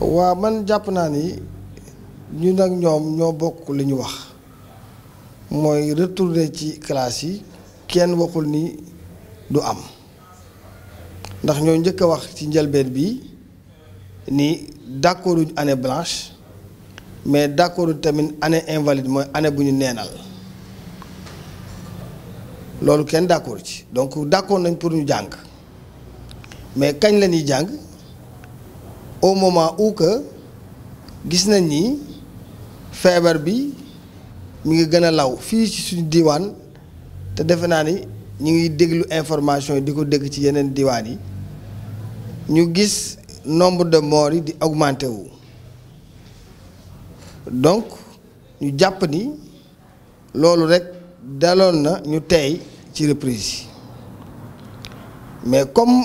waa man jàpp naa ni ñu nag ñoom ñoo bokk li ñu wax mooy retourner ci classe yi kenn waxul ni du am ndax ñoo njëkk a wax ci njëlbeen bi ni d'accord uñ année blanche mais d'accord tamit année invalide mooy année bu ñu neenal loolu kenn d'accord ci donc d'accord nañ pour ñu jàng mais kañ lañuy jàng. au moment où que gis nañ ni feebar bi mu ngi gën a law fii ci suñu diwaan te defe naa ni ñu ngi déglu information yi di ko dégg ci yeneen diwaan yi ñu gis nombre de morts yi di augmenté wu donc ñu jàpp ni loolu rek daloon na ñu tey ci reprise yi mais comme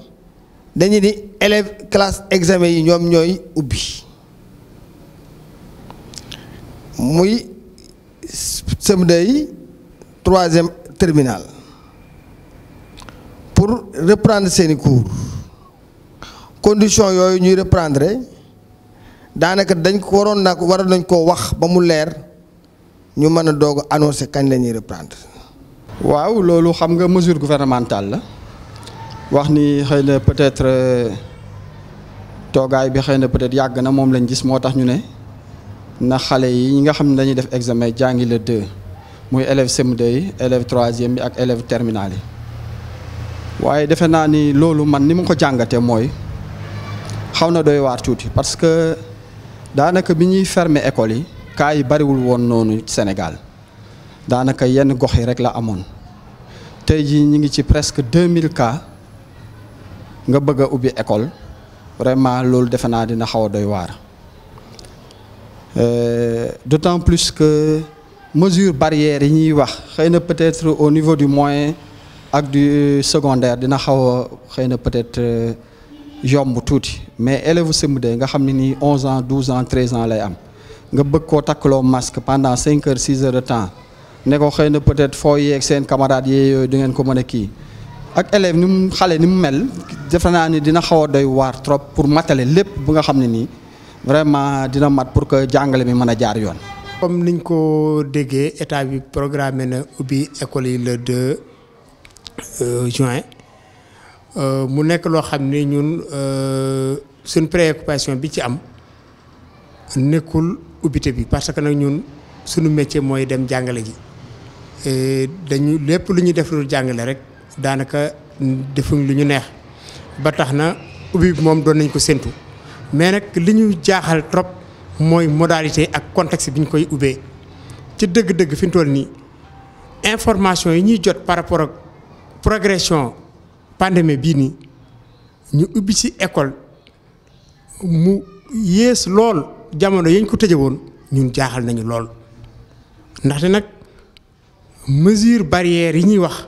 dañu ni élèves classe examen yi ñoom ñooy ubbi muy semde 3 troisième terminal pour reprendre ces cours condition yoy ñuy reprendre danaka dañ ko waron nak ko nañ ko wax ba mu leer ñu mën a annoncer kañ lañuy reprendre waaw lolu xam nga mesure gouvernementale la wax ni xëy na peut-être euh, toogaay bi xëy na peut-être yàgg na moom lañ gis moo tax ñu ne na xale yi ñi nga xam ne dañuy def examen jàngi le 2 muy élève cm yi élève troisième bi ak élève terminal yi waaye defe naa ni loolu man ni mu ko jàngatee mooy xaw na doy waar tuuti parce que daanaka bi ñuy fermer école yi cas yi bariwul woon noonu Sénégal daanaka yenn gox yi rek la amoon tey jii ñu ngi ci presque 2000 cas. nga bëgg a ubbi école vraiment loolu defe naa dina xaw doy waar euh, d'autant plus que mesures barrières yi wax peut-être au niveau du moyen ak du secondaire dina xaw a peut-être euh, yomb tuuti mais élèves CM2 nga xam ne 11 ans 12 ans 13 ans lay am nga bëgg masque pendant 5 heures 6 heures de temps Ils ko peut-être foo yeeg seen camarades yee yooyu di ko ak élève ni mu xale ni mu mel defe naa ni dina xaw a doy waar trop pour matale lépp bu nga xam ne nii vraiment dina mat pour que jàngale mi mën a jaar yoon. comme niñ ko déggee état bi programme na ubbi école yi le 2 euh, juin euh, mu nekk loo xam ne ñun euh, suñ préoccupation bi ci am nekkul ubbite bi parce que nag ñun suñu métier mooy dem jàngale ji dañu lépp lu ñuy def lu jàngale rek. daanaka defuñ lu ñu neex ba tax na ubbi bi moom doon nañ ko séntu mais nag li ñu jaaxal trop mooy modalité ak contexte bi ñu koy ubbee ci dëgg-dëgg fi ñu toll nii information yi ñuy jot par rapport ak progression pandémie bii nii ñu ubbi ci école mu yées lool jamono yañ ko tëje woon ñun jaaxal nañu lool ndaxte nag mesure barrière yi ñuy wax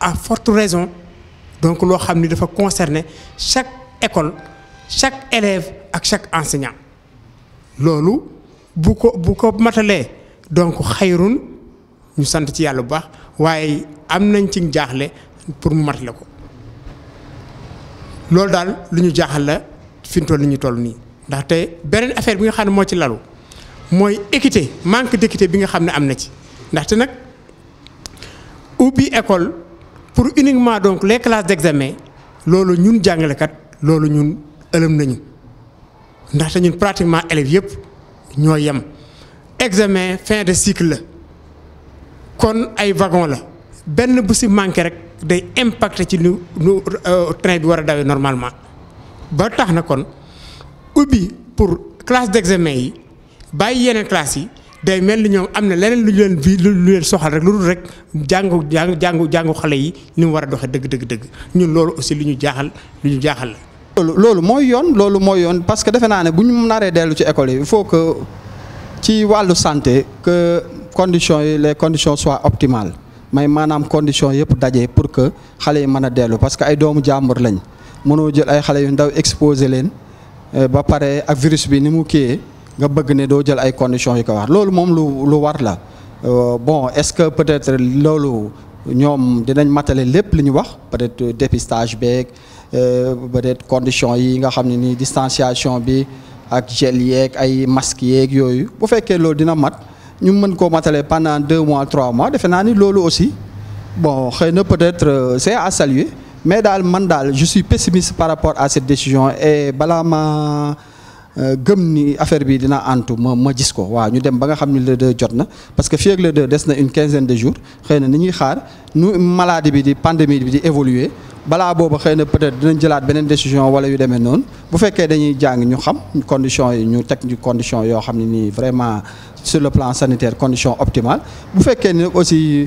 à forte raison donc loo xam ni dafa concerner chaque école chaque élève ak chaque enseignant loolu bu ko bu ko matalee donc xayrun ñu sant ci yàlla bu baax waaye am nañ ci jaaxle pour mu matale ko loolu daal lu ñu jaaxal la fi ñu toll ñu toll nii ndaxte beneen affaire bi nga xam ne mooy ci lalu mooy équité manque d'équité bi nga xam ne am na ci ndaxte nag ubbi école. pour uniquement donc les classes d'examen lolu ñun kat lolu ñun ëlëm nañu ndax ñun pratiquement élèves yépp ñoo yam examen fin de cycle kon ay wagon la benn bu si manqué rek day impacté ci nu nu euh, train bi war a normalement ba tax na kon ubbi pour classe d'examen yi bàyyi yeneen classes yi day mel ni ñoom am na leneen lu leen vi lu leen soxal rek lu dul rek jàngu jàngu jàngu jàngu xale yi ni mu war a doxee dëgg dëgg dëgg ñun loolu aussi lu ñu jaaxal lu ñu jaaxal la. loolu loolu mooy yoon loolu mooy yoon parce que defe naa ne bu ñu naree dellu ci école yi il faut que ci wàllu santé que conditions yi les conditions soient optimales mais maanaam conditions yëpp dajee pour que xale yi mën a dellu parce que ay doomu jàmbur lañ mënoo jël ay xale yu ndaw exposé leen eh, ba pare ak virus bi ni mu kiiyee. nga bëgg né do jël ay conditions yi ko war loolu moom lu lu war la euh, bon est-ce que peut-être loolu ñoom dinañ matale lépp li ñu wax peut-être dépistage beeg euh, peut-être conditions yi nga xam ne ni distanciation bi ak gel yeeg ay masques yeeg yooyu bu fekkee loolu dina mat ñu mën koo matale pendant deux mois trois mois defe naa ni loolu aussi bon xëy na peut-être euh, c'est à saluer mais daal man daal je suis pessimiste par rapport à cette décision et balaa ma euh, affaire bi dina antu ma gis ko wa ñu dem le parce que ak le une quinzaine de jours xeyna ni ñuy xaar nu maladie pandémie bi di évoluer bala peut-être dinañ décision wala yu non bu des dañuy jang ñu xam conditions yi ñu vraiment sur le plan sanitaire condition optimale bu ni aussi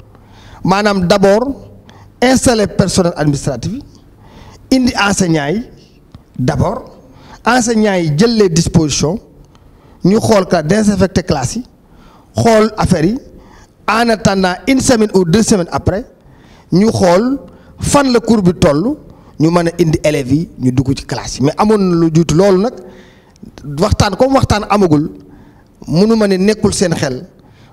Manam d'abord installer personnel administratif indi enseignants d'abord enseignants les dispositions ñu xol ka désinfecter classe yi affaire yi en attendant une semaine ou deux semaines après ñu xol fan le cours bi tollu ñu mën indi élèves yi ñu dugg ci classe mais amon na lu jiitu loolu nak waxtaan comme waxtaan amagul ne nekkul seen xel.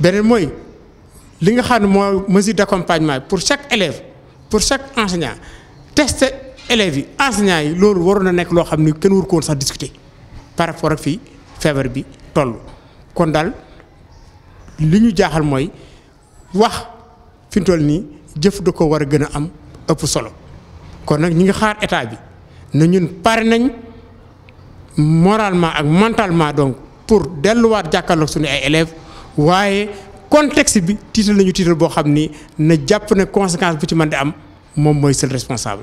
li nga mesure pour chaque élève pour chaque enseignant tester élèves enseignants yi na nekk kenn discuter par rapport à fii feebar bi toll. kon daal li ñu jaaxal mooy wax fi toll nii jëf da ko am ëpp solo kon ngi xaar état bi na ñun nous nañ moralement ak mentalement donc pour delluwaat jàkkaarloog suñu ay waaye contexte bi tiital nañu tiital boo xam ni na jàpp ne conséquence bu ci man di am moom mooy seul responsable.